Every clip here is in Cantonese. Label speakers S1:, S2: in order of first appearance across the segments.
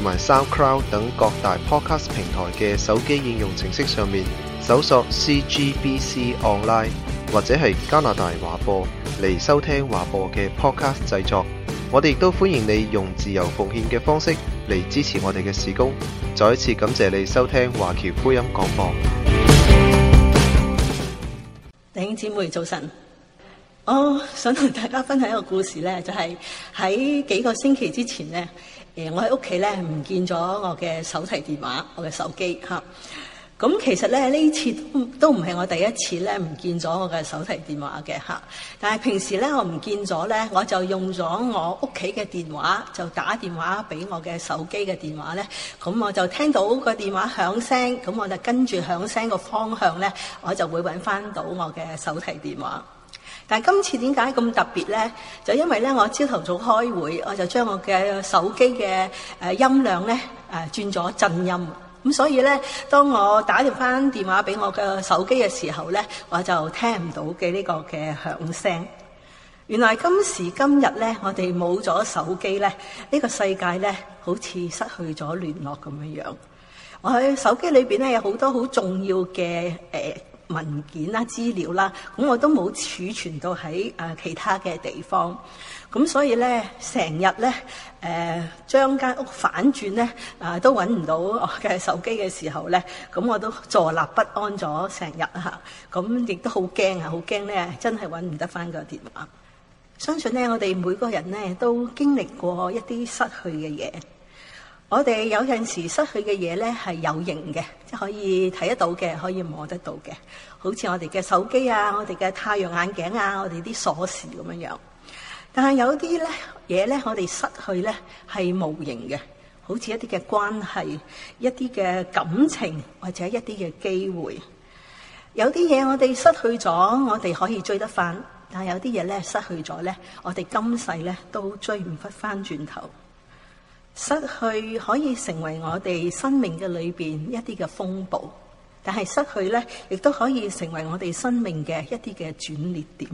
S1: 同埋 SoundCloud 等各大 Podcast 平台嘅手機應用程式上面搜索 CGBC Online 或者係加拿大華播嚟收聽華播嘅 Podcast 製作，我哋亦都歡迎你用自由奉獻嘅方式嚟支持我哋嘅事工。再一次感謝你收聽華僑福音廣播。弟兄姊妹早晨，我想同大家分享一個故事咧，就係、是、喺幾個星期之前咧。我喺屋企咧唔見咗我嘅手提電話，我嘅手機嚇。咁其實咧，呢次都唔係我第一次咧唔見咗我嘅手提電話嘅嚇。但係平時咧，我唔見咗咧，我就用咗我屋企嘅電話就打電話俾我嘅手機嘅電話咧。咁我就聽到個電話響聲，咁我就跟住響聲個方向咧，我就會揾翻到我嘅手提電話。但係今次點解咁特別咧？就因為咧，我朝頭早開會，我就將我嘅手機嘅誒音量咧誒轉咗震音，咁所以咧，當我打返電話俾我嘅手機嘅時候咧，我就聽唔到嘅呢個嘅響聲。原來今時今日咧，我哋冇咗手機咧，呢個世界咧好似失去咗聯絡咁樣樣。我喺手機裏邊咧有好多好重要嘅誒，文件啦、資料啦，咁我都冇儲存到喺誒其他嘅地方，咁所以咧，成日咧誒將間屋反轉咧，啊都揾唔到我嘅手機嘅時候咧，咁我都坐立不安咗成日嚇，咁亦都好驚啊！好驚咧，真係揾唔得翻個電話。相信咧，我哋每個人咧都經歷過一啲失去嘅嘢。我哋有陣時失去嘅嘢呢係有形嘅，即係可以睇得到嘅，可以摸得到嘅，好似我哋嘅手機啊，我哋嘅太陽眼鏡啊，我哋啲鎖匙咁樣樣。但係有啲呢嘢呢，我哋失去呢係無形嘅，好似一啲嘅關係、一啲嘅感情或者一啲嘅機會。有啲嘢我哋失去咗，我哋可以追得返；但係有啲嘢呢失去咗呢，我哋今世呢都追唔返返轉頭。失去可以成為我哋生命嘅裏面一啲嘅風暴，但係失去咧，亦都可以成為我哋生命嘅一啲嘅轉捩點。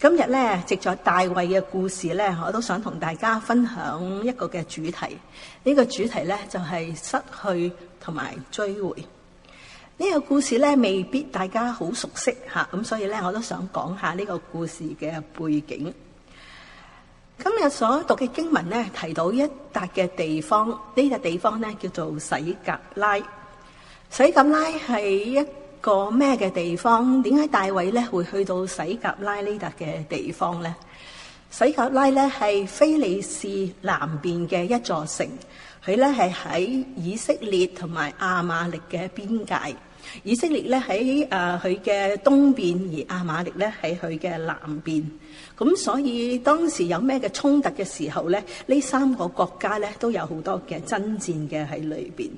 S1: 今日咧，藉着大衛嘅故事咧，我都想同大家分享一個嘅主題。呢個主題咧，就係失去同埋追回。呢個故事咧未必大家好熟悉吓，咁所以咧，我都想講下呢個故事嘅背景。今日所讀嘅經文咧，提到一笪嘅地方，呢笪地方咧叫做洗格拉。洗格拉係一個咩嘅地方？點解大衛咧會去到洗格拉呢笪嘅地方咧？洗格拉咧係非利士南邊嘅一座城，佢咧係喺以色列同埋亞瑪力嘅邊界。以色列咧喺啊佢嘅東邊，而亞瑪力咧喺佢嘅南邊。咁所以當時有咩嘅衝突嘅時候呢？呢三個國家呢都有好多嘅爭戰嘅喺裏面。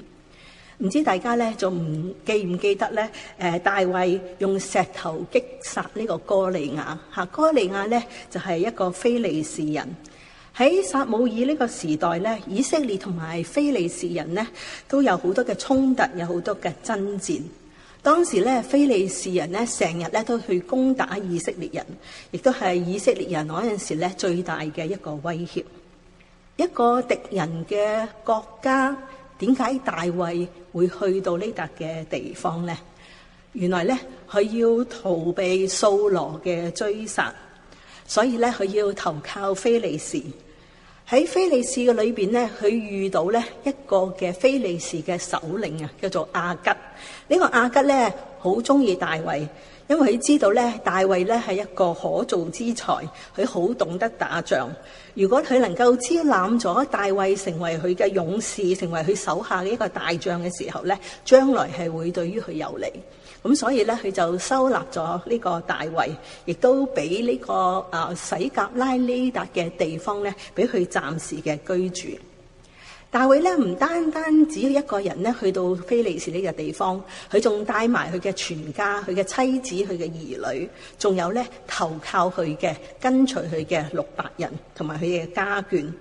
S1: 唔知大家呢仲記唔記得呢？呃、大衛用石頭擊殺呢個哥利亞。哥利亞呢就係、是、一個非利士人。喺撒母耳呢個時代呢，以色列同埋非利士人呢都有好多嘅衝突，有好多嘅爭戰。當時咧，非利士人咧成日咧都去攻打以色列人，亦都係以色列人嗰陣時咧最大嘅一個威脅。一個敵人嘅國家，點解大衛會去到呢笪嘅地方咧？原來咧，佢要逃避掃羅嘅追殺，所以咧佢要投靠非利士。喺非利士嘅裏邊咧，佢遇到咧一個嘅非利士嘅首領啊，叫做亞吉。這個、呢個阿吉咧，好中意大衛，因為佢知道咧，大衛咧係一個可造之才，佢好懂得打仗。如果佢能夠招攬咗大衛成為佢嘅勇士，成為佢手下嘅一個大將嘅時候咧，將來係會對於佢有利。咁所以咧，佢就收納咗呢個大衛，亦都俾呢、這個啊洗甲拉呢達嘅地方咧，俾佢暫時嘅居住。大衛咧唔單單只一個人咧去到非利士呢個地方，佢仲帶埋佢嘅全家、佢嘅妻子、佢嘅兒女，仲有咧投靠佢嘅、跟隨佢嘅六百人，同埋佢嘅家眷。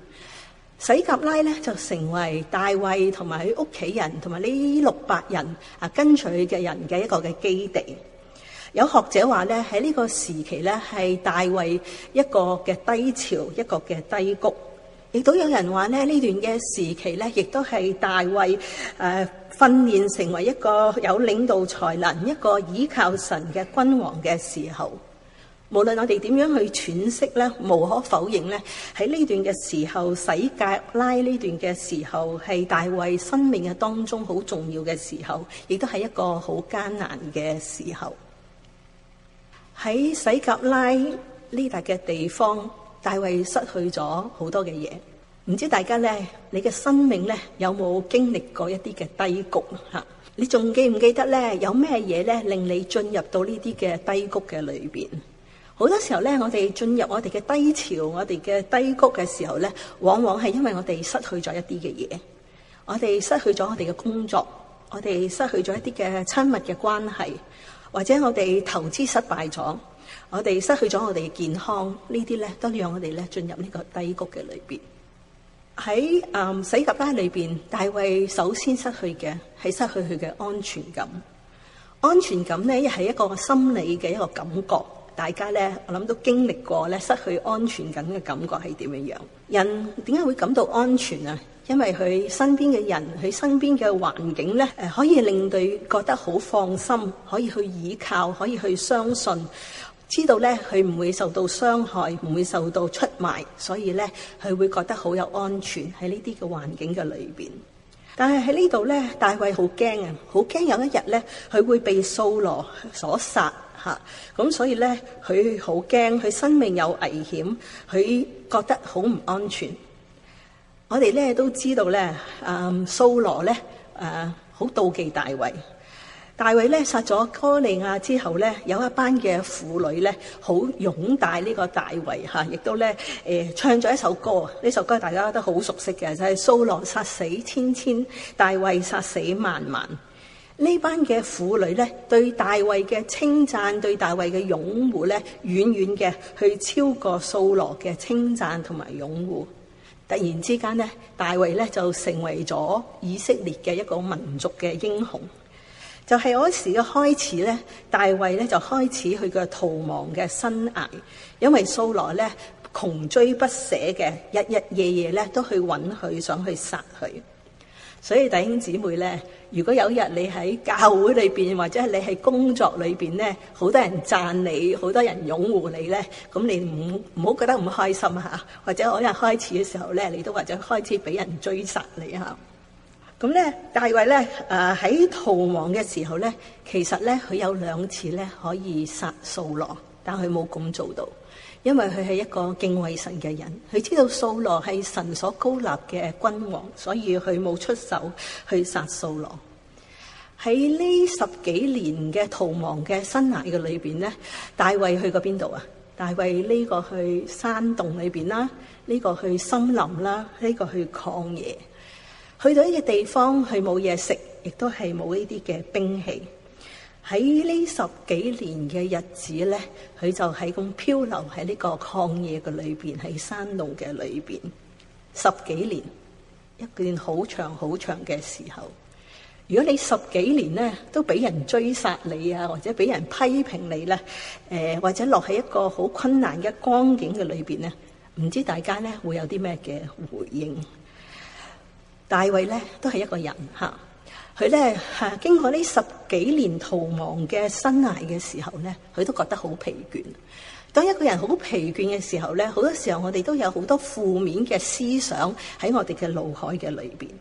S1: 洗革拉咧就成為大衛同埋佢屋企人同埋呢六百人啊跟隨佢嘅人嘅一個嘅基地。有學者話咧喺呢個時期咧係大衛一個嘅低潮、一個嘅低谷。亦都有人話呢，呢段嘅時期呢，亦都係大衛誒訓練成為一個有領導才能、一個倚靠神嘅君王嘅時候。無論我哋點樣去詮釋呢，無可否認呢，喺呢段嘅時候，洗甲拉呢段嘅時候，係大衛生命嘅當中好重要嘅時候，亦都係一個好艱難嘅時候。喺洗甲拉呢笪嘅地方，大衛失去咗好多嘅嘢，唔知大家咧，你嘅生命咧有冇經歷過一啲嘅低谷吓？你仲記唔記得咧？有咩嘢咧令你進入到呢啲嘅低谷嘅裏邊？好多時候咧，我哋進入我哋嘅低潮，我哋嘅低谷嘅時候咧，往往係因為我哋失去咗一啲嘅嘢，我哋失去咗我哋嘅工作，我哋失去咗一啲嘅親密嘅關係。或者我哋投資失敗咗，我哋失去咗我哋嘅健康，呢啲咧都讓我哋咧進入呢個低谷嘅裏邊。喺啊死谷拉裏面，大衛首先失去嘅係失去佢嘅安全感。安全感咧亦係一個心理嘅一個感覺。大家咧，我諗都經歷過咧，失去安全感嘅感覺係點樣？人點解會感到安全啊？因為佢身邊嘅人，佢身邊嘅環境咧，誒，可以令佢覺得好放心，可以去倚靠，可以去相信，知道咧佢唔會受到傷害，唔會受到出賣，所以咧佢會覺得好有安全喺呢啲嘅環境嘅裏邊。但係喺呢度咧，大衛好驚啊，好驚有一日咧佢會被掃羅所殺吓，咁所以咧佢好驚，佢生命有危險，佢覺得好唔安全。我哋咧都知道咧，啊，掃羅咧，誒，好妒忌大衛。大衛咧殺咗哥利亞之後咧，有一班嘅婦女咧，好擁戴呢個大衛吓，亦都咧，誒，唱咗一首歌。呢首歌大家都好熟悉嘅，就係掃羅殺死千千，大衛殺死萬萬。呢班嘅婦女咧，對大衛嘅稱讚，對大衛嘅擁護咧，遠遠嘅去超過掃羅嘅稱讚同埋擁護。突然之間咧，大衛咧就成為咗以色列嘅一個民族嘅英雄。就係嗰時嘅開始咧，大衛咧就開始佢嘅逃亡嘅生涯，因為掃羅咧窮追不捨嘅，日日夜夜咧都去揾佢，想去殺佢。所以弟兄姊妹咧，如果有日你喺教會裏邊，或者係你喺工作裏邊咧，好多人讚你，好多人擁護你咧，咁你唔唔好覺得唔開心吓，或者我一開始嘅時候咧，你都或者開始俾人追殺你吓，咁咧，大衛咧，誒、呃，喺逃亡嘅時候咧，其實咧佢有兩次咧可以殺掃羅，但佢冇咁做到。因為佢係一個敬畏神嘅人，佢知道掃羅係神所膏立嘅君王，所以佢冇出手去殺掃羅。喺呢十幾年嘅逃亡嘅生涯嘅裏邊咧，大衛去過邊度啊？大衛呢個去山洞裏邊啦，呢、這個去森林啦，呢、這個去曠野，去到呢個地方，佢冇嘢食，亦都係冇呢啲嘅兵器。喺呢十幾年嘅日子咧，佢就喺咁漂流喺呢個曠野嘅裏邊，喺山洞嘅裏邊，十幾年一段好長好長嘅時候。如果你十幾年咧都俾人追殺你啊，或者俾人批評你咧，誒、呃、或者落喺一個好困難嘅光景嘅裏邊咧，唔知大家咧會有啲咩嘅回應？大衛咧都係一個人嚇。佢咧經過呢十幾年逃亡嘅生涯嘅時候咧，佢都覺得好疲倦。當一個人好疲倦嘅時候咧，好多時候我哋都有好多負面嘅思想喺我哋嘅腦海嘅裏面。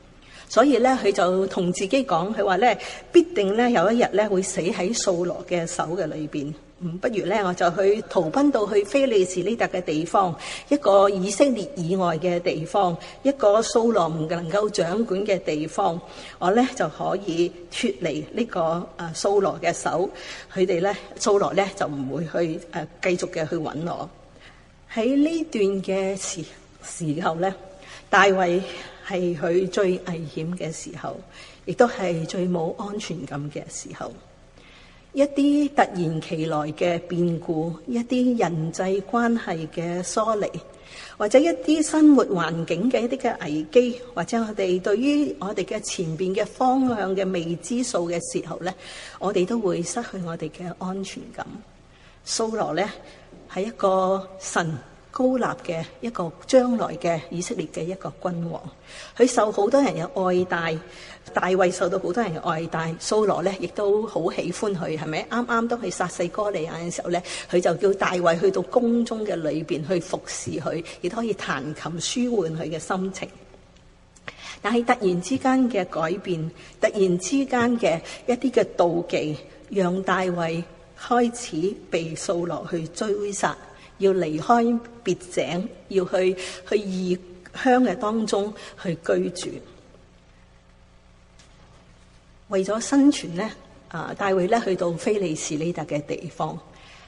S1: 所以咧，佢就同自己講，佢話咧必定咧有一日咧會死喺掃羅嘅手嘅裏面。唔，不如咧，我就去逃奔到去非利士呢笪嘅地方，一個以色列以外嘅地方，一個掃羅唔能夠掌管嘅地方，我咧就可以脫離呢個啊掃羅嘅手，佢哋咧掃羅咧就唔會去誒繼、啊、續嘅去揾我。喺呢段嘅時時候咧，大衛係佢最危險嘅時候，亦都係最冇安全感嘅時候。一啲突然其來嘅變故，一啲人際關係嘅疏離，或者一啲生活環境嘅一啲嘅危機，或者我哋對於我哋嘅前邊嘅方向嘅未知數嘅時候咧，我哋都會失去我哋嘅安全感。蘇羅咧係一個神，.高立嘅一個將來嘅以色列嘅一個君王，佢受好多人嘅愛戴，大衛受到好多人嘅愛戴。掃羅呢亦都好喜歡佢，係咪？啱啱都去殺死哥利亞嘅時候呢，佢就叫大衛去到宮中嘅裏邊去服侍佢，亦都可以彈琴舒緩佢嘅心情。但係突然之間嘅改變，突然之間嘅一啲嘅妒忌，讓大衛開始被掃羅去追殺。要離開別井，要去去異鄉嘅當中去居住。為咗生存咧，啊，大衛咧去到非利士呢笪嘅地方，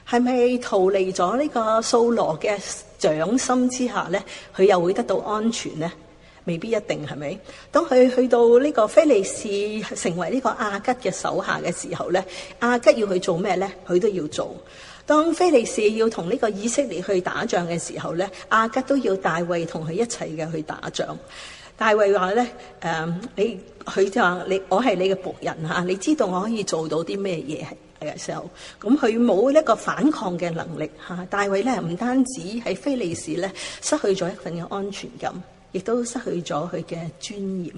S1: 係咪逃離咗呢個掃羅嘅掌心之下咧？佢又會得到安全咧？未必一定係咪？當佢去到呢個非利士，成為呢個亞吉嘅手下嘅時候咧，亞吉要去做咩咧？佢都要做。當菲利士要同呢個以色列去打仗嘅時候咧，阿吉都要大衛同佢一齊嘅去打仗。大衛話咧，誒、呃，你佢就話你，我係你嘅僕人吓，你知道我可以做到啲咩嘢嘅時候，咁佢冇一個反抗嘅能力吓、啊。大衛咧唔單止喺菲利士咧失去咗一份嘅安全感，亦都失去咗佢嘅尊嚴。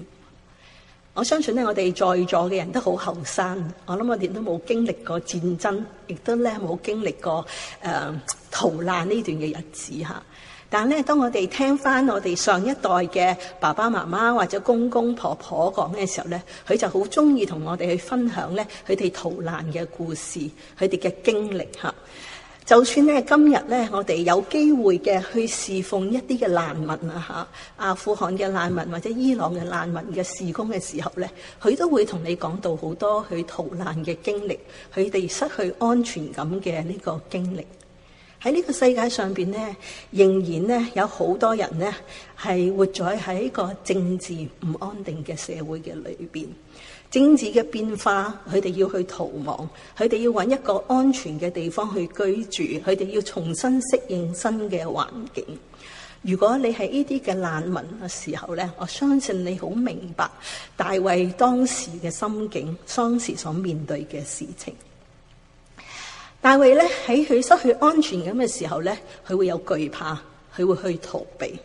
S1: 我相信咧，我哋在座嘅人都好後生，我諗我哋都冇經歷過戰爭，亦都咧冇經歷過誒、呃、逃難呢段嘅日子吓。但係咧，當我哋聽翻我哋上一代嘅爸爸媽媽或者公公婆婆講嘅時候咧，佢就好中意同我哋去分享咧佢哋逃難嘅故事，佢哋嘅經歷吓。就算咧今日咧，我哋有機會嘅去侍奉一啲嘅難民啊嚇，啊阿富汗嘅難民或者伊朗嘅難民嘅事工嘅時候咧，佢都會同你講到好多佢逃難嘅經歷，佢哋失去安全感嘅呢個經歷。喺呢個世界上邊，咧，仍然咧有好多人咧係活在喺一個政治唔安定嘅社會嘅裏邊。政治嘅變化，佢哋要去逃亡，佢哋要揾一個安全嘅地方去居住，佢哋要重新適應新嘅環境。如果你係呢啲嘅難民嘅時候呢，我相信你好明白大衛當時嘅心境，當時所面對嘅事情。大衛呢，喺佢失去安全感嘅時候呢，佢會有懼怕，佢會去逃避。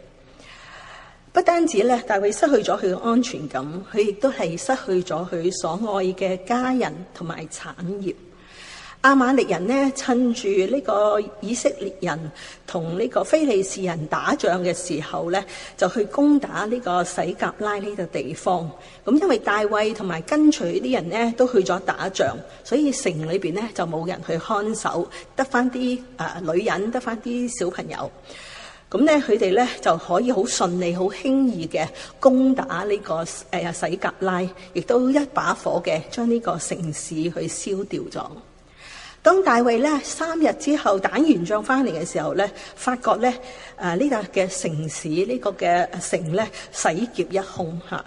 S1: 不單止咧，大衛失去咗佢嘅安全感，佢亦都係失去咗佢所愛嘅家人同埋產業。亞瑪力人呢，趁住呢個以色列人同呢個非利士人打仗嘅時候咧，就去攻打呢個洗革拉呢個地方。咁、嗯、因為大衛同埋跟隨啲人呢都去咗打仗，所以城裏面呢就冇人去看守，得返啲啊女人，得返啲小朋友。咁咧，佢哋咧就可以好順利、好輕易嘅攻打呢個洗革拉，亦都一把火嘅將呢個城市去燒掉咗。當大衛咧三日之後打完仗翻嚟嘅時候咧，發覺咧呢個嘅城市呢、呢個嘅城咧洗劫一空吓，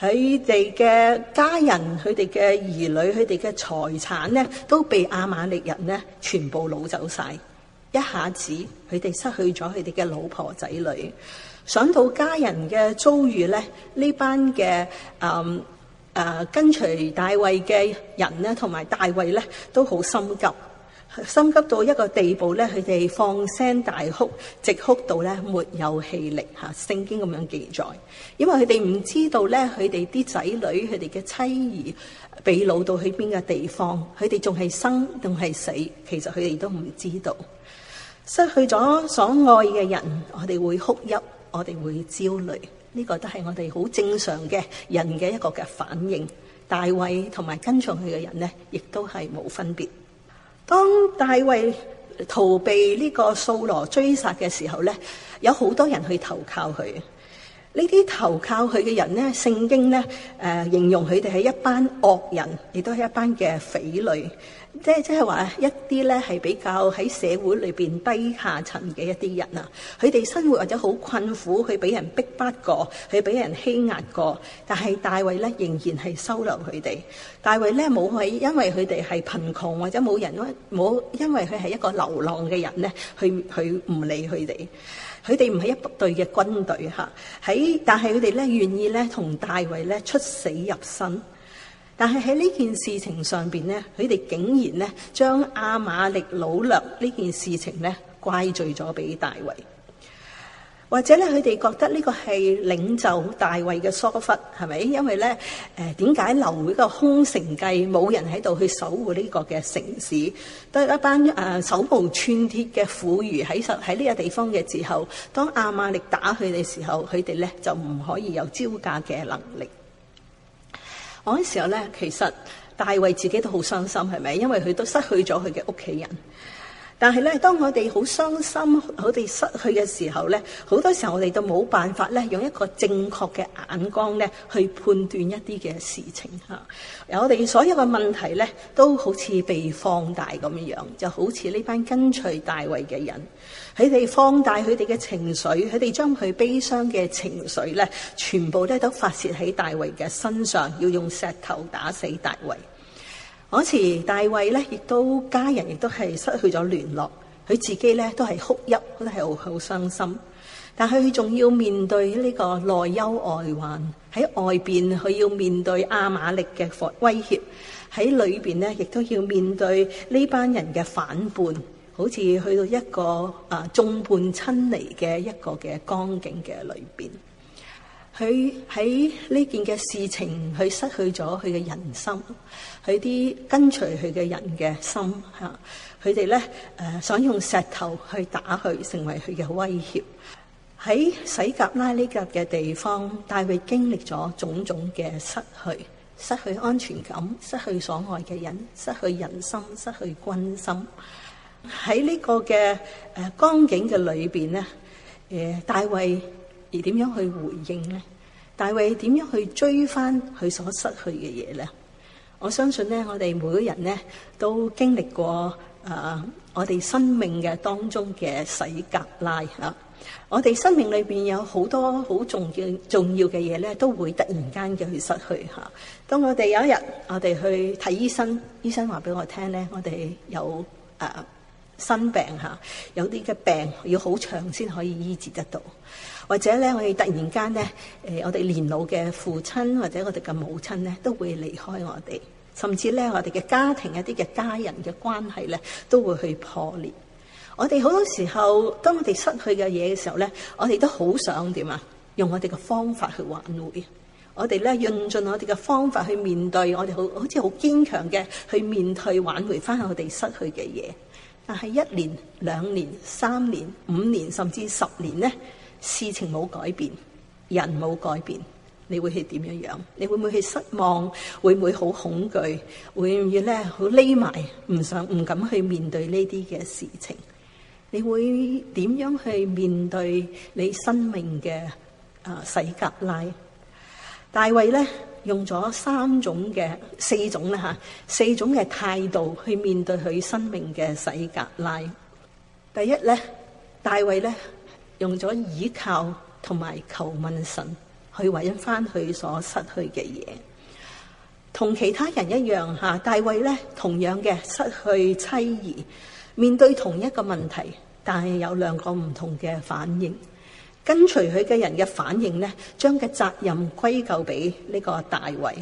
S1: 佢哋嘅家人、佢哋嘅兒女、佢哋嘅財產咧都被亞瑪力人咧全部攞走晒。一下子，佢哋失去咗佢哋嘅老婆仔女，想到家人嘅遭遇咧，呢班嘅誒誒跟隨大衛嘅人呢，同埋大衛咧都好心急，心急到一個地步咧，佢哋放聲大哭，直哭到咧沒有氣力吓。聖經咁樣記載，因為佢哋唔知道咧，佢哋啲仔女佢哋嘅妻兒俾老到去邊個地方，佢哋仲係生定係死，其實佢哋都唔知道。失去咗所愛嘅人，我哋會哭泣，我哋會焦慮，呢個都係我哋好正常嘅人嘅一個嘅反應。大衛同埋跟上佢嘅人呢，亦都係冇分別。當大衛逃避呢個掃羅追殺嘅時候呢，有好多人去投靠佢。呢啲投靠佢嘅人呢，聖經呢誒、呃，形容佢哋係一班惡人，亦都係一班嘅匪類。即係即係話一啲咧係比較喺社會裏邊低下層嘅一啲人啊，佢哋生活或者好困苦，佢俾人逼迫過，佢俾人欺壓過。但係大衛咧仍然係收留佢哋。大衛咧冇係因為佢哋係貧窮或者冇人屈冇，因為佢係一個流浪嘅人咧，去去唔理佢哋。佢哋唔係一隊嘅軍隊嚇，喺但係佢哋咧願意咧同大衛咧出死入身。但係喺呢件事情上邊呢，佢哋竟然咧將亞瑪力擄掠呢件事情呢怪罪咗俾大衛，或者咧佢哋覺得呢個係領袖大衛嘅疏忽，係咪？因為呢誒，點解留會個空城計，冇人喺度去守護呢個嘅城市，得一班誒、啊、手無寸鐵嘅婦孺喺實喺呢個地方嘅時候，當亞瑪力打佢哋嘅時候，佢哋呢就唔可以有招架嘅能力。嗰陣時候咧，其實大衛自己都好傷心，係咪？因為佢都失去咗佢嘅屋企人。但係咧，當我哋好傷心、我哋失去嘅時候咧，好多時候我哋都冇辦法咧，用一個正確嘅眼光咧，去判斷一啲嘅事情嚇。我哋所有嘅問題咧，都好似被放大咁樣，就好似呢班跟隨大衛嘅人。佢哋放大佢哋嘅情緒，佢哋將佢悲傷嘅情緒咧，全部都係都發泄喺大衛嘅身上，要用石頭打死大衛。嗰時大衛咧，亦都家人亦都係失去咗聯絡，佢自己咧都係哭泣，都係好好傷心。但係佢仲要面對呢個內憂外患，喺外邊佢要面對阿瑪力嘅威脅，喺裏邊呢，亦都要面對呢班人嘅反叛。好似去到一個啊眾叛親離嘅一個嘅光景嘅裏邊，佢喺呢件嘅事情，佢失去咗佢嘅人心，佢啲跟隨佢嘅人嘅心嚇，佢哋咧誒想用石頭去打佢，成為佢嘅威脅。喺洗甲拉呢甲嘅地方，大衛經歷咗種種嘅失去，失去安全感，失去所愛嘅人，失去人心，失去軍心。喺呢個嘅誒、呃、光景嘅裏邊咧，誒大衛而點樣去回應咧？大衛點樣去追翻佢所失去嘅嘢咧？我相信咧，我哋每一個人咧都經歷過誒、呃，我哋生命嘅當中嘅洗革拉吓、啊。我哋生命裏邊有好多好重要重要嘅嘢咧，都會突然間嘅去失去吓、啊。當我哋有一日我哋去睇醫生，醫生話俾我聽咧，我哋有誒。呃生病吓，有啲嘅病要好長先可以醫治得到，或者咧我哋突然間咧，誒，我哋年老嘅父親或者我哋嘅母親咧都會離開我哋，甚至咧我哋嘅家庭一啲嘅家人嘅關係咧都會去破裂。我哋好多時候，當我哋失去嘅嘢嘅時候咧，我哋都好想點啊？用我哋嘅方法去挽回。我哋咧、嗯、用盡我哋嘅方法去面對，我哋好好似好堅強嘅去面對挽回翻我哋失去嘅嘢。但係一年、兩年、三年、五年，甚至十年咧，事情冇改變，人冇改變，你會去點樣樣？你會唔會去失望？會唔會好恐懼？會唔會咧好匿埋？唔想唔敢去面對呢啲嘅事情？你會點樣去面對你生命嘅啊洗革拉？大衛咧？用咗三種嘅四種啦吓，四種嘅態度去面對佢生命嘅洗格拉。第一咧，大衛咧用咗倚靠同埋求問神去揾翻佢所失去嘅嘢，同其他人一樣吓，大衛咧同樣嘅失去妻兒，面對同一個問題，但係有兩個唔同嘅反應。跟隨佢嘅人嘅反應呢，將佢嘅責任歸咎俾呢個大衛，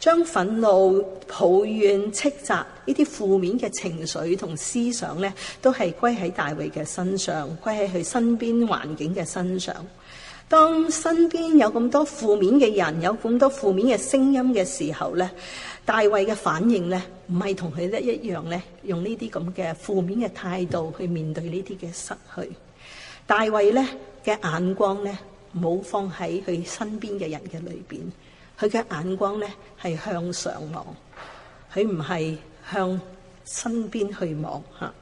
S1: 將憤怒、抱怨、斥責呢啲負面嘅情緒同思想呢，都係歸喺大衛嘅身上，歸喺佢身邊環境嘅身上。當身邊有咁多負面嘅人，有咁多負面嘅聲音嘅時候呢，大衛嘅反應呢，唔係同佢一一樣呢，用呢啲咁嘅負面嘅態度去面對呢啲嘅失去。大衛呢。嘅眼光咧，冇放喺佢身邊嘅人嘅裏邊，佢嘅眼光咧係向上望，佢唔係向身邊去望吓。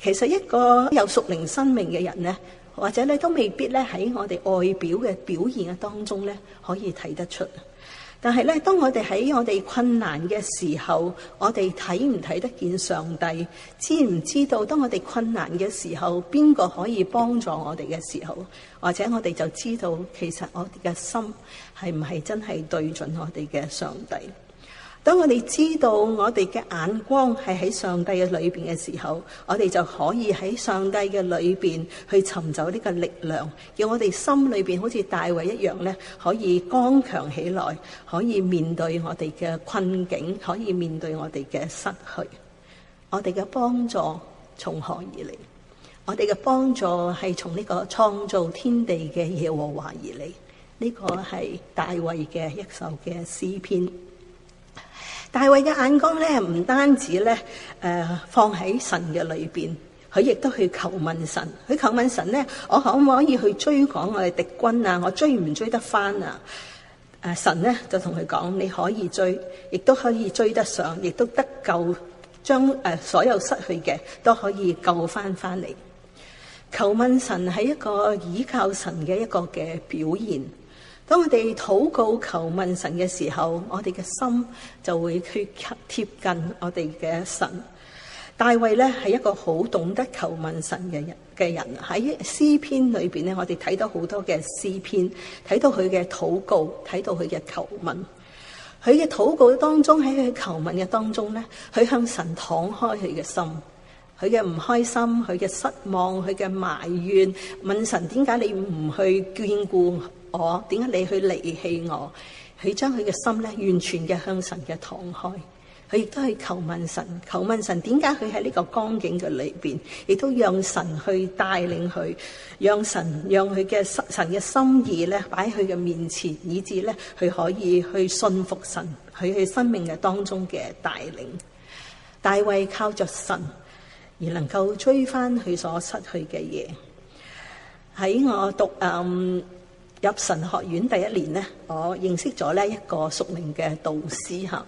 S1: 其實一個有屬靈生命嘅人咧，或者咧都未必咧喺我哋外表嘅表現嘅當中咧，可以睇得出。但係呢，當我哋喺我哋困難嘅時候，我哋睇唔睇得見上帝？知唔知道？當我哋困難嘅時候，邊個可以幫助我哋嘅時候？或者我哋就知道其實我哋嘅心係唔係真係對準我哋嘅上帝？當我哋知道我哋嘅眼光係喺上帝嘅裏邊嘅時候，我哋就可以喺上帝嘅裏邊去尋找呢個力量，叫我哋心裏邊好似大衛一樣咧，可以剛強起來，可以面對我哋嘅困境，可以面對我哋嘅失去。我哋嘅幫助從何而嚟？我哋嘅幫助係從呢個創造天地嘅耶和華而嚟。呢個係大衛嘅一首嘅詩篇。大衛嘅眼光咧，唔單止咧，誒、呃、放喺神嘅裏邊，佢亦都去求問神。佢求問神咧，我可唔可以去追趕我哋敵軍啊？我追唔追得翻啊？誒、呃，神咧就同佢講：「你可以追，亦都可以追得上，亦都得救將，將、呃、誒所有失去嘅都可以救翻翻嚟。求問神係一個倚靠神嘅一個嘅表現。當我哋禱告求問神嘅時候，我哋嘅心就會去貼近我哋嘅神。大衛咧係一個好懂得求問神嘅人嘅人。喺詩篇裏邊咧，我哋睇到好多嘅詩篇，睇到佢嘅禱告，睇到佢嘅求問。佢嘅禱告當中，喺佢求問嘅當中咧，佢向神敞開佢嘅心，佢嘅唔開心，佢嘅失望，佢嘅埋怨，問神點解你唔去眷顧？我點解你去離棄我？佢將佢嘅心咧，完全嘅向神嘅敞開。佢亦都係求問神，求問神點解佢喺呢個光景嘅裏邊，亦都讓神去帶領佢，讓神讓佢嘅神嘅心意咧擺喺佢嘅面前，以至咧佢可以去信服神，佢去生命嘅當中嘅帶領。大衛靠着神而能夠追翻佢所失去嘅嘢。喺我讀嗯。入神學院第一年咧，我認識咗咧一個屬靈嘅導師哈。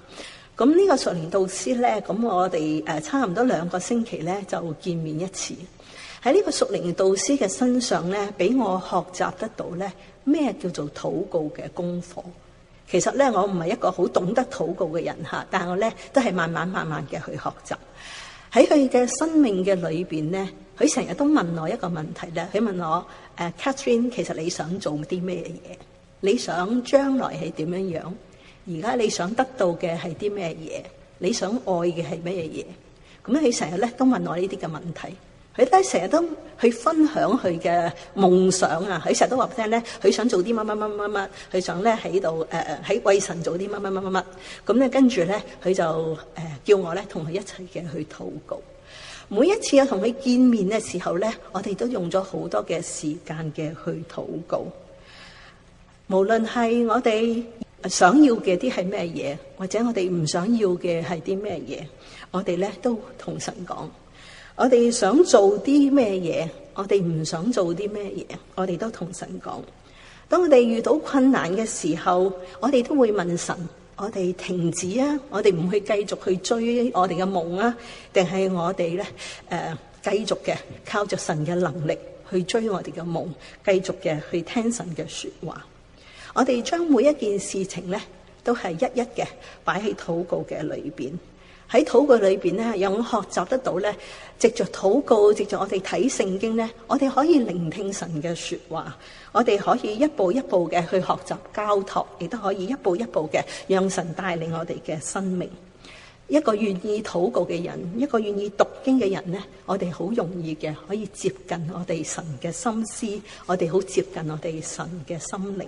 S1: 咁呢個屬靈導師咧，咁我哋誒差唔多兩個星期咧就見面一次。喺呢個屬靈導師嘅身上咧，俾我學習得到咧咩叫做禱告嘅功課。其實咧，我唔係一個好懂得禱告嘅人哈，但係我咧都係慢慢慢慢嘅去學習喺佢嘅生命嘅裏邊咧。佢成日都問我一個問題咧，佢問我誒，Catherine，其實你想做啲咩嘢？你想將來係點樣樣？而家你想得到嘅係啲咩嘢？你想愛嘅係咩嘢嘢？咁佢成日咧都問我呢啲嘅問題，佢咧成日都去分享佢嘅夢想啊，佢成日都話俾聽咧，佢想做啲乜乜乜乜乜，佢想咧喺度誒喺為神做啲乜乜乜乜乜，咁咧跟住咧佢就誒叫我咧同佢一齊嘅去禱告。每一次我同佢見面嘅時候咧，我哋都用咗好多嘅時間嘅去禱告。無論係我哋想要嘅啲係咩嘢，或者我哋唔想要嘅係啲咩嘢，我哋咧都同神講。我哋想做啲咩嘢，我哋唔想做啲咩嘢，我哋都同神講。當我哋遇到困難嘅時候，我哋都會問神。我哋停止啊，我哋唔去繼續去追我哋嘅夢啊，定係我哋咧誒繼續嘅靠着神嘅能力去追我哋嘅夢，繼續嘅去聽神嘅說話。我哋將每一件事情咧都係一一嘅擺喺禱告嘅裏邊。喺禱告裏邊咧，有冇學習得到咧？藉着禱告，藉着我哋睇聖經咧，我哋可以聆聽神嘅說話，我哋可以一步一步嘅去學習交託，亦都可以一步一步嘅讓神帶領我哋嘅生命。一個願意禱告嘅人，一個願意讀經嘅人咧，我哋好容易嘅可以接近我哋神嘅心思，我哋好接近我哋神嘅心靈。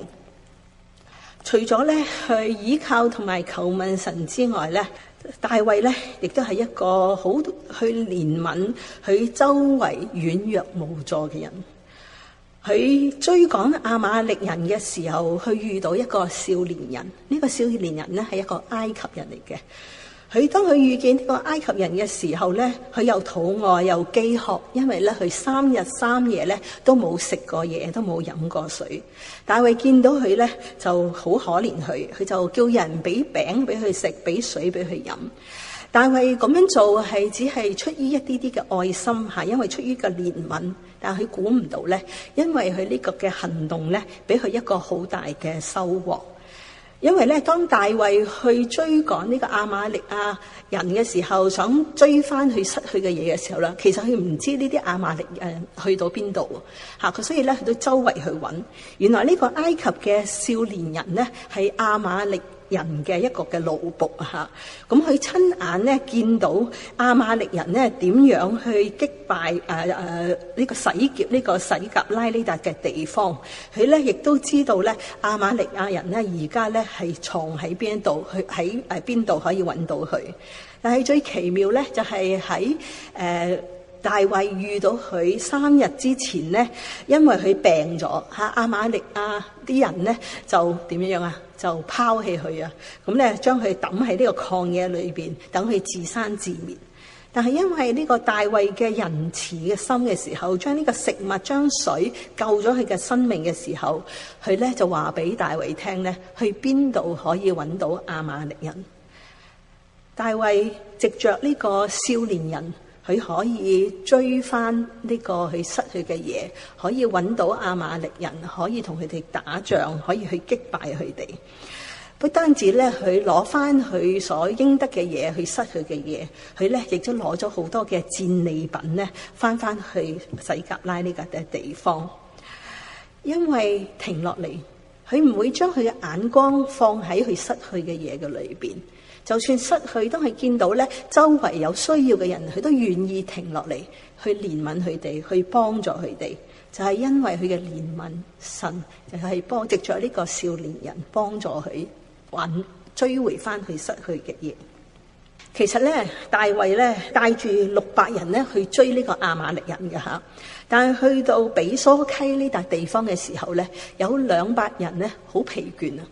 S1: 除咗咧去依靠同埋求問神之外咧，大衛咧，亦都係一個好去憐憫佢周圍軟弱無助嘅人。佢追趕亞瑪力人嘅時候，去遇到一個少年人。呢、這個少年人呢，係一個埃及人嚟嘅。佢當佢遇見呢個埃及人嘅時候咧，佢又肚餓又飢渴，因為咧佢三日三夜咧都冇食過嘢，都冇飲過水。大衛見到佢咧就好可憐佢，佢就叫人俾餅俾佢食，俾水俾佢飲。大衛咁樣做係只係出於一啲啲嘅愛心嚇，因為出於個憐憫。但係佢估唔到咧，因為佢呢個嘅行動咧，俾佢一個好大嘅收穫。因為咧，當大衛去追趕呢個亞瑪力啊人嘅時候，想追翻去失去嘅嘢嘅時候啦，其實佢唔知呢啲亞瑪力誒去到邊度喎嚇，佢所以咧去到周圍去揾，原來呢個埃及嘅少年人咧係亞瑪力。人嘅一個嘅腦僕吓，咁佢親眼咧見到阿瑪力人咧點樣去擊敗誒誒呢個洗劫呢、這個洗格拉呢達嘅地方，佢咧亦都知道咧阿瑪力亞人咧而家咧係藏喺邊度，去喺誒邊度可以搵到佢。但係最奇妙咧就係喺誒大衛遇到佢三日之前咧，因為佢病咗吓，阿瑪力亞啲人咧就點樣啊？就拋棄佢啊！咁咧將佢抌喺呢個曠野裏邊，等佢自生自滅。但係因為呢個大衛嘅仁慈嘅心嘅時候，將呢個食物、將水救咗佢嘅生命嘅時候，佢咧就話俾大衛聽咧，去邊度可以搵到亞瑪力人。大衛藉着呢個少年人。佢可以追翻呢個佢失去嘅嘢，可以揾到亞瑪力人，可以同佢哋打仗，可以去擊敗佢哋。不單止咧，佢攞翻佢所應得嘅嘢，去失去嘅嘢，佢咧亦都攞咗好多嘅戰利品咧，翻翻去洗格拉呢個嘅地方。因為停落嚟，佢唔會將佢嘅眼光放喺佢失去嘅嘢嘅裏面。就算失去，都係見到咧，周圍有需要嘅人，佢都願意停落嚟去憐憫佢哋，去幫助佢哋。就係因為佢嘅憐憫，神就係幫藉著呢個少年人幫助佢搵追回返佢失去嘅嘢。其實咧，大衛咧帶住六百人咧去追呢個亞瑪力人嘅吓，但係去到比梭溪呢笪地方嘅時候咧，有兩百人咧好疲倦啊！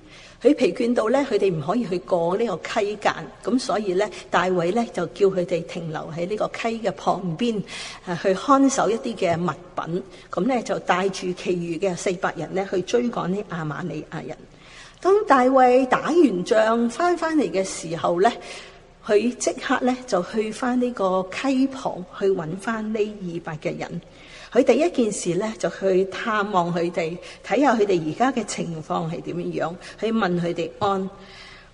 S1: 佢疲倦到咧，佢哋唔可以去過呢個溪澗，咁所以咧，大衛咧就叫佢哋停留喺呢個溪嘅旁邊，啊，去看守一啲嘅物品，咁咧就帶住其餘嘅四百人咧去追趕啲亞瑪尼亞人。當大衛打完仗返返嚟嘅時候咧。佢即刻咧就去翻呢個溪旁去揾翻呢二百嘅人。佢第一件事咧就去探望佢哋，睇下佢哋而家嘅情況係點樣樣，去問佢哋安。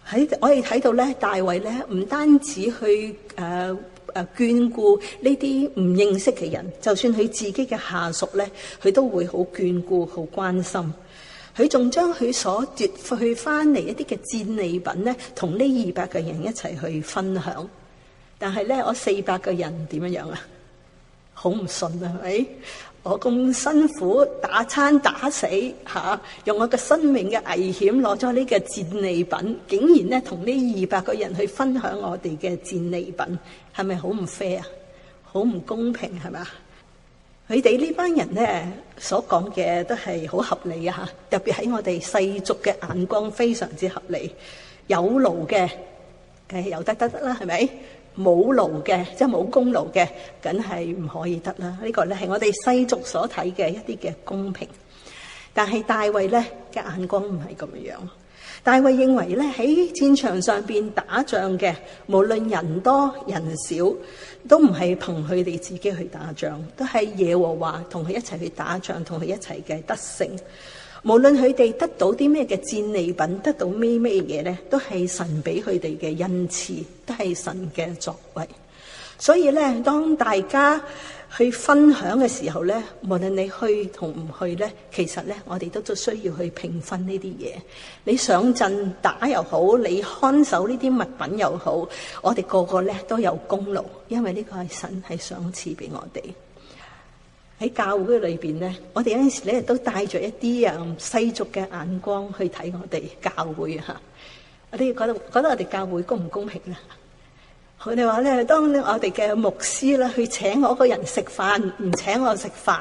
S1: 喺我哋睇到咧，大衛咧唔單止去誒、啊啊、眷顧呢啲唔認識嘅人，就算佢自己嘅下屬咧，佢都會好眷顧、好關心。佢仲將佢所奪去翻嚟，一啲嘅戰利品咧，同呢二百個人一齊去分享。但係咧，我四百個人點樣樣啊？好唔信啊？係我咁辛苦打餐打死吓、啊，用我嘅生命嘅危險攞咗呢個戰利品，竟然咧同呢二百個人去分享我哋嘅戰利品，係咪好唔 fair 啊？好唔公平係咪？是佢哋呢班人咧，所講嘅都係好合理啊，特別喺我哋世俗嘅眼光非常之合理。有勞嘅梗係有得得得啦，係咪？冇勞嘅即係冇功勞嘅，梗係唔可以得啦。呢個咧，係我哋世俗所睇嘅一啲嘅公平，但係大衛咧嘅眼光唔係咁樣。大衛認為咧喺戰場上邊打仗嘅，無論人多人少，都唔係憑佢哋自己去打仗，都係耶和華同佢一齊去打仗，同佢一齊嘅得勝。無論佢哋得到啲咩嘅戰利品，得到咩咩嘢咧，都係神俾佢哋嘅恩賜，都係神嘅作為。所以咧，當大家。去分享嘅時候咧，無論你去同唔去咧，其實咧，我哋都都需要去平分呢啲嘢。你上陣打又好，你看守呢啲物品又好，我哋個個咧都有功勞，因為呢個係神係賞賜俾我哋。喺教會裏面咧，我哋有陣時咧都帶着一啲啊世俗嘅眼光去睇我哋教會嚇。我哋覺得覺得我哋教會公唔公平啦？佢哋話咧，當我哋嘅牧師咧去請我個人食飯，唔請我食飯，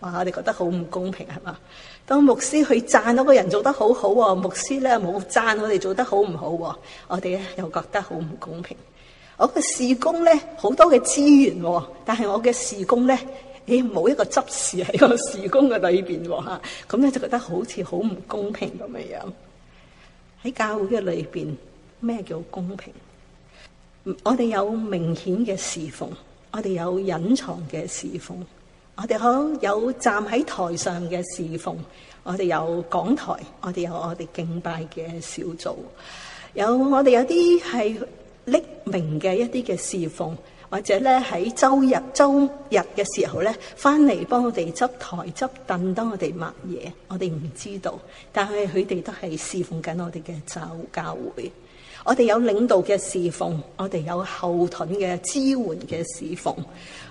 S1: 哇！我哋覺得好唔公平係嘛？當牧師去讚我個人做得好好，牧師咧冇讚我哋做得好唔好，我哋咧又覺得好唔公平。我嘅事工咧好多嘅資源，但係我嘅事工咧，誒冇一個執事喺我事工嘅裏邊吓，咁咧就覺得好似好唔公平咁嘅樣。喺教會嘅裏邊，咩叫公平？我哋有明顯嘅侍奉，我哋有隱藏嘅侍奉，我哋好有站喺台上嘅侍奉，我哋有講台，我哋有我哋敬拜嘅小組，有我哋有啲係匿名嘅一啲嘅侍奉，或者咧喺周日周日嘅時候咧，翻嚟幫我哋執台執凳，幫我哋抹嘢，我哋唔知道，但係佢哋都係侍奉緊我哋嘅教教會。我哋有領導嘅侍奉，我哋有後盾嘅支援嘅侍奉，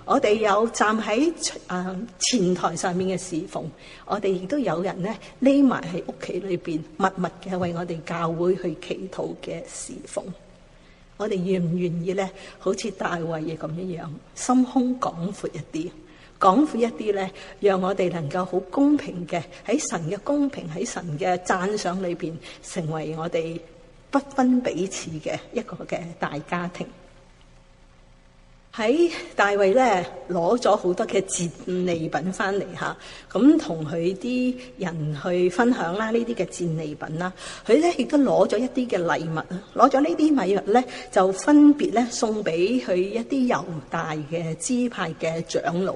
S1: 我哋有站喺誒前台上面嘅侍奉，我哋亦都有人呢匿埋喺屋企裏邊默默嘅為我哋教會去祈禱嘅侍奉。我哋願唔願意咧？好似大衛亦咁一樣，心胸廣闊一啲，廣闊一啲咧，讓我哋能夠好公平嘅喺神嘅公平喺神嘅讚賞裏邊成為我哋。不分彼此嘅一個嘅大家庭，喺大衛咧攞咗好多嘅戰利品翻嚟吓，咁同佢啲人去分享啦，呢啲嘅戰利品啦，佢咧亦都攞咗一啲嘅禮物啊，攞咗呢啲禮物咧就分別咧送俾佢一啲猶大嘅支派嘅長老。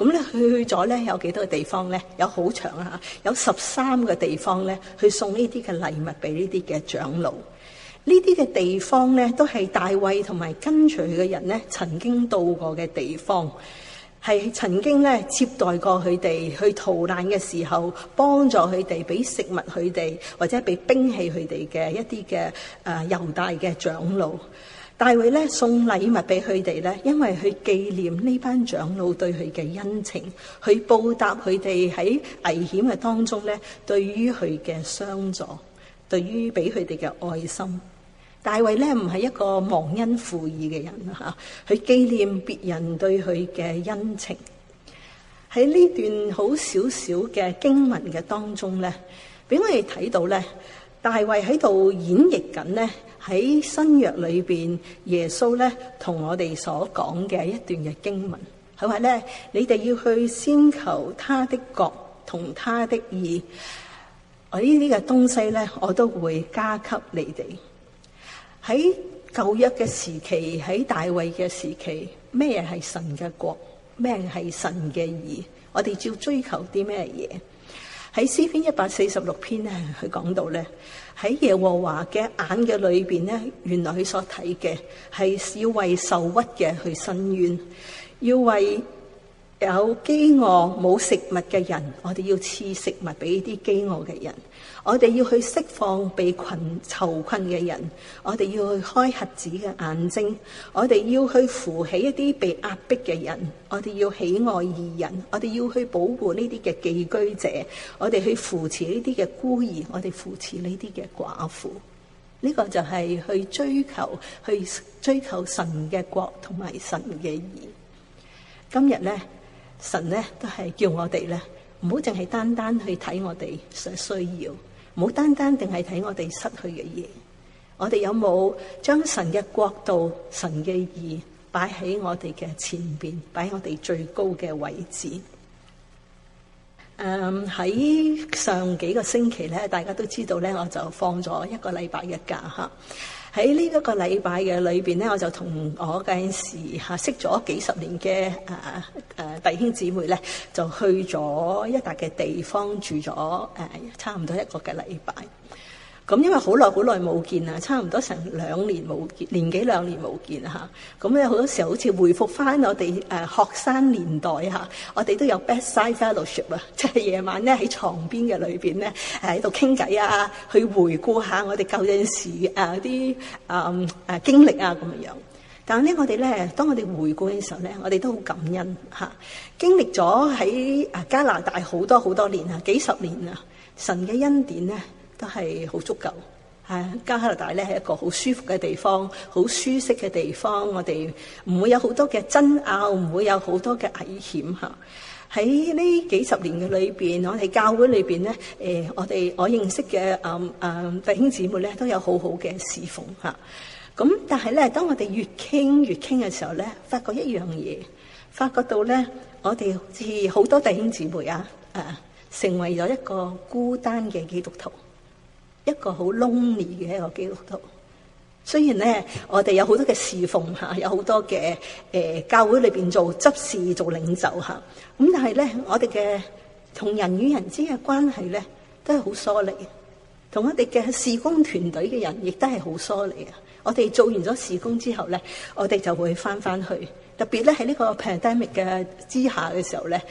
S1: 咁咧去咗咧有幾多個地方咧？有好長啊，有十三個地方咧，去送呢啲嘅禮物俾呢啲嘅長老。呢啲嘅地方咧，都係大衛同埋跟隨佢嘅人咧，曾經到過嘅地方，係曾經咧接待過佢哋去逃難嘅時候，幫助佢哋俾食物佢哋，或者俾兵器佢哋嘅一啲嘅誒猶大嘅長老。大衛咧送禮物俾佢哋咧，因為佢紀念呢班長老對佢嘅恩情，佢報答佢哋喺危險嘅當中咧，對於佢嘅相助，對於俾佢哋嘅愛心，大衛咧唔係一個忘恩負義嘅人吓，佢紀念別人對佢嘅恩情。喺呢段好少少嘅經文嘅當中咧，俾我哋睇到咧，大衛喺度演繹緊咧。喺新約裏邊，耶穌咧同我哋所講嘅一段嘅經文，佢話咧：你哋要去先求他的國同他的義，我呢個東西咧，我都會加給你哋。喺舊約嘅時期，喺大衛嘅時期，咩係神嘅國？咩係神嘅義？我哋照追求啲咩嘢？喺詩篇一百四十六篇呢，佢講到呢，喺耶和華嘅眼嘅裏面呢，原來佢所睇嘅係要為受屈嘅去伸冤，要為。有飢餓冇食物嘅人，我哋要賜食物俾啲飢餓嘅人；我哋要去釋放被困囚困嘅人；我哋要去開瞎子嘅眼睛；我哋要去扶起一啲被壓迫嘅人；我哋要喜愛義人；我哋要去保護呢啲嘅寄居者；我哋去扶持呢啲嘅孤兒；我哋扶持呢啲嘅寡婦。呢、這個就係去追求，去追求神嘅國同埋神嘅義。今日呢。神咧都係叫我哋咧，唔好淨係單單去睇我哋所需要，唔好單單淨係睇我哋失去嘅嘢。我哋有冇將神嘅國度、神嘅義擺喺我哋嘅前邊，擺喺我哋最高嘅位置？誒，喺上幾個星期咧，大家都知道咧，我就放咗一個禮拜嘅假吓。喺呢一個禮拜嘅裏邊咧，我就同我嗰陣時嚇識咗幾十年嘅誒誒弟兄姊妹咧，就去咗一笪嘅地方住咗誒差唔多一個嘅禮拜。咁因為好耐好耐冇見啊，差唔多成兩年冇見，年幾兩年冇見嚇。咁咧好多時候好似回覆返我哋學生年代嚇，我哋都有 best side fellowship 啊，即係夜晚咧喺床邊嘅裏邊咧，喺度傾偈啊，去回顧下我哋舊陣時啊啲誒誒經歷啊咁樣。但係咧我哋咧，當我哋回顧嘅時候咧，我哋都好感恩嚇，經歷咗喺加拿大好多好多年啊，幾十年啊，神嘅恩典咧。都係好足夠吓。加拿大咧係一個好舒服嘅地方，好舒適嘅地方。我哋唔會有好多嘅爭拗，唔會有好多嘅危險吓。喺呢幾十年嘅裏邊，我哋教會裏邊咧，誒，我哋我認識嘅誒誒弟兄姊妹咧，都有好好嘅侍奉吓。咁但係咧，當我哋越傾越傾嘅時候咧，發覺一樣嘢，發覺到咧，我哋好似好多弟兄姊妹啊，誒，成為咗一個孤單嘅基督徒。一個好 lonely 嘅一個基督徒，雖然咧我哋有好多嘅侍奉吓，有好多嘅誒、呃、教會裏邊做執事做領袖吓，咁但係咧我哋嘅同人與人之間嘅關係咧都係好疏離，同我哋嘅侍工團隊嘅人，亦都係好疏離啊！我哋做完咗侍工之後咧，我哋就會返返去。特別咧喺呢個 pandemic 嘅之下嘅時候咧，誒、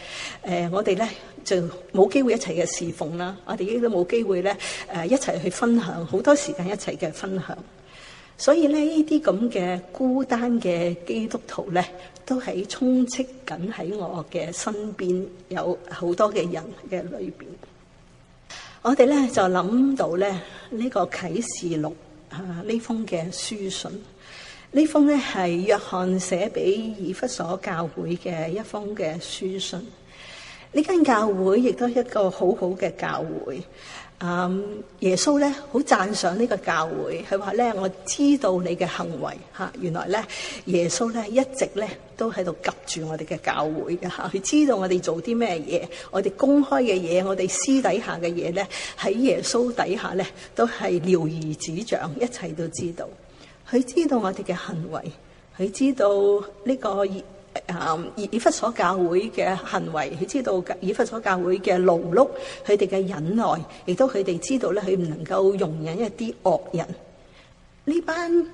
S1: 呃、我哋咧就冇機會一齊嘅侍奉啦。我哋亦都冇機會咧誒一齊去分享好多時間一齊嘅分享。所以咧呢啲咁嘅孤單嘅基督徒咧，都喺充斥緊喺我嘅身邊，有好多嘅人嘅裏邊。我哋咧就諗到咧呢個啟示錄啊，呢封嘅書信，呢封呢封咧係約翰寫俾以弗所教會嘅一封嘅書信，呢間教會亦都係一個好好嘅教會。嗯，um，耶穌咧好讚賞呢個教會，佢話咧，我知道你嘅行為嚇。原來咧，耶穌咧一直咧都喺度及住我哋嘅教會嘅嚇，佢知道我哋做啲咩嘢，我哋公開嘅嘢，我哋私底下嘅嘢咧，喺耶穌底下咧都係了如指掌，一切都知道。佢知道我哋嘅行為，佢知道呢個。啊！以以弗所教會嘅行為，佢知道以弗所教會嘅勞碌，佢哋嘅忍耐，亦都佢哋知道咧，佢唔能夠容忍一啲惡人。呢班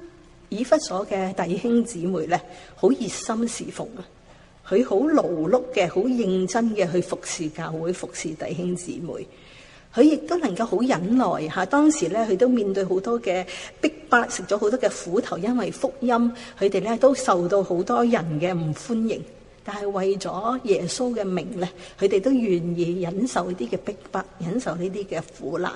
S1: 以弗所嘅弟兄姊妹咧，好熱心侍奉啊！佢好勞碌嘅，好認真嘅去服侍教會，服侍弟兄姊妹。佢亦都能夠好忍耐嚇，當時咧佢都面對好多嘅逼迫，食咗好多嘅苦頭，因為福音佢哋咧都受到好多人嘅唔歡迎，但係為咗耶穌嘅名咧，佢哋都願意忍受呢啲嘅逼迫，忍受呢啲嘅苦難。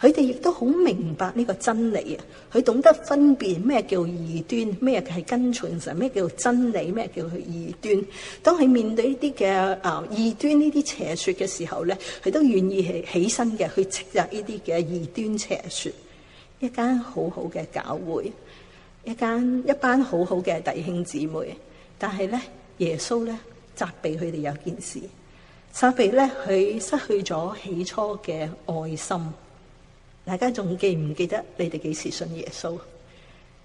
S1: 佢哋亦都好明白呢個真理啊！佢懂得分辨咩叫異端，咩係跟隨神，咩叫真理，咩叫異端。當佢面對呢啲嘅啊異端呢啲邪説嘅時候咧，佢都願意係起身嘅去斥責呢啲嘅異端邪説。一間好好嘅教會，一間一班好好嘅弟兄姊妹。但係咧，耶穌咧責備佢哋有件事，責備咧佢失去咗起初嘅愛心。大家仲記唔記得你哋幾時信耶穌？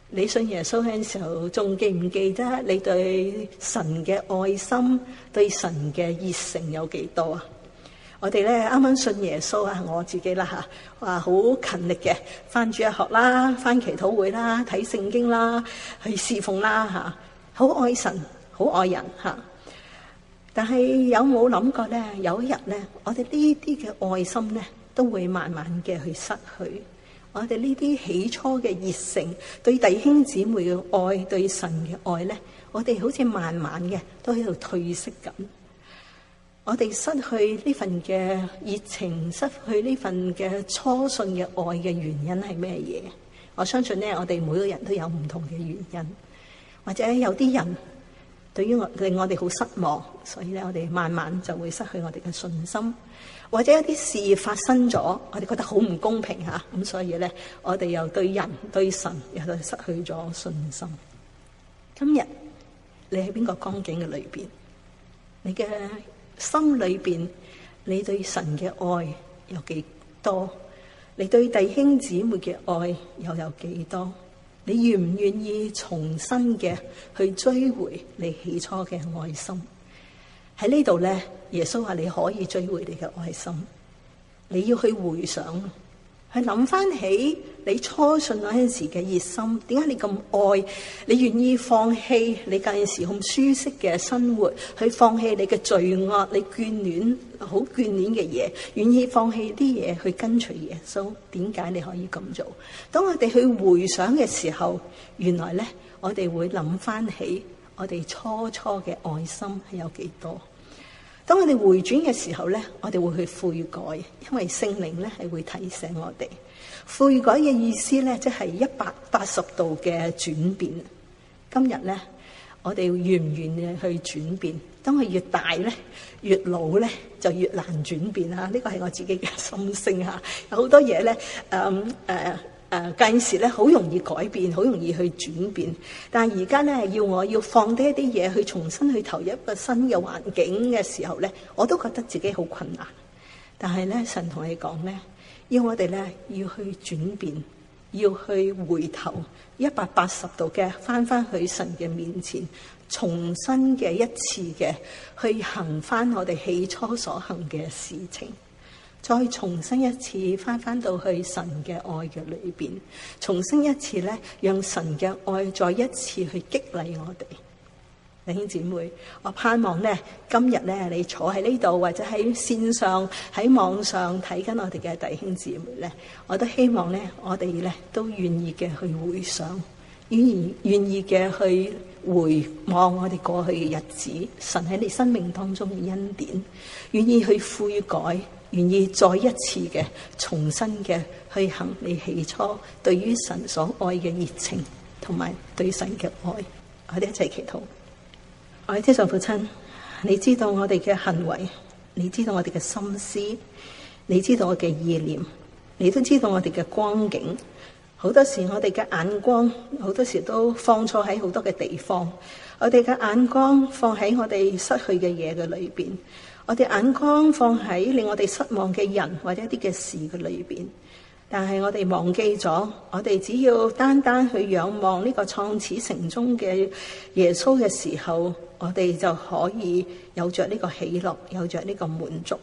S1: 你信耶穌嘅時候，仲記唔記得你對神嘅愛心、對神嘅熱誠有幾多啊？我哋咧啱啱信耶穌啊，我自己啦吓，好、啊、勤力嘅，翻主日學啦，翻祈禱會啦，睇聖經啦，去侍奉啦吓，好、啊、愛神，好愛人吓、啊。但係有冇諗過咧？有一日咧，我哋呢啲嘅愛心咧？都會慢慢嘅去失去，我哋呢啲起初嘅熱誠，對弟兄姊妹嘅愛，對神嘅愛咧，我哋好似慢慢嘅都喺度褪色咁。我哋失去呢份嘅熱情，失去呢份嘅初信嘅愛嘅原因係咩嘢？我相信咧，我哋每個人都有唔同嘅原因，或者有啲人對於我哋令我哋好失望，所以咧我哋慢慢就會失去我哋嘅信心。或者一啲事發生咗，我哋覺得好唔公平吓，咁所以咧，我哋又對人對神又失去咗信心。今日你喺邊個光景嘅裏邊？你嘅心裏邊，你對神嘅愛有幾多？你對弟兄姊妹嘅愛又有幾多？你願唔願意重新嘅去追回你起初嘅愛心？喺呢度咧，耶穌話你可以追回你嘅愛心。你要去回想，去諗翻起你初信嗰陣時嘅熱心。點解你咁愛？你願意放棄你嗰陣時咁舒適嘅生活，去放棄你嘅罪惡，你眷戀好眷戀嘅嘢，願意放棄啲嘢去跟隨耶穌？點解你可以咁做？當我哋去回想嘅時候，原來咧，我哋會諗翻起我哋初初嘅愛心係有幾多？當我哋回轉嘅時候咧，我哋會去悔改，因為聖靈咧係會提醒我哋悔改嘅意思咧，即係一百八十度嘅轉變。今日咧，我哋願唔願意去轉變？當我越大咧，越老咧，就越難轉變啦。呢個係我自己嘅心聲嚇。有好多嘢咧，誒誒。誒、啊，近時咧好容易改變，好容易去轉變。但係而家咧，要我要放低一啲嘢去重新去投入一個新嘅環境嘅時候咧，我都覺得自己好困難。但係咧，神同你講咧，要我哋咧要去轉變，要去回頭一百八十度嘅翻翻去神嘅面前，重新嘅一次嘅去行翻我哋起初所行嘅事情。再重新一次翻翻到去神嘅愛嘅裏邊，重新一次咧，讓神嘅愛再一次去激勵我哋。弟兄姊妹，我盼望咧，今日咧，你坐喺呢度，或者喺線上、喺網上睇緊我哋嘅弟兄姊妹咧，我都希望咧，我哋咧都願意嘅去回想，願意願意嘅去回望我哋過去嘅日子，神喺你生命當中嘅恩典，願意去悔改。願意再一次嘅重新嘅去行你起初對於神所愛嘅熱情，同埋對神嘅愛，我哋一齊祈禱。我喺天上父親，你知道我哋嘅行為，你知道我哋嘅心思，你知道我嘅意念，你都知道我哋嘅光景。好多時我哋嘅眼光，好多時都放錯喺好多嘅地方。我哋嘅眼光放喺我哋失去嘅嘢嘅裏邊。我哋眼光放喺令我哋失望嘅人或者一啲嘅事嘅裏邊，但係我哋忘記咗，我哋只要單單去仰望呢個創始成終嘅耶穌嘅時候，我哋就可以有着呢個喜樂，有着呢個滿足。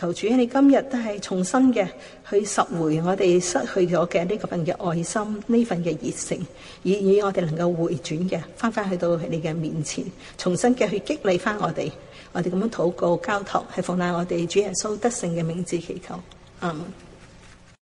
S1: 求主，你今日都係重新嘅去拾回我哋失去咗嘅呢份嘅愛心，呢份嘅熱誠，以以我哋能夠回轉嘅，翻翻去到你嘅面前，重新嘅去激勵翻我哋。我哋咁樣禱告交託，是奉賴我哋主耶穌得勝嘅名字祈求，阿門。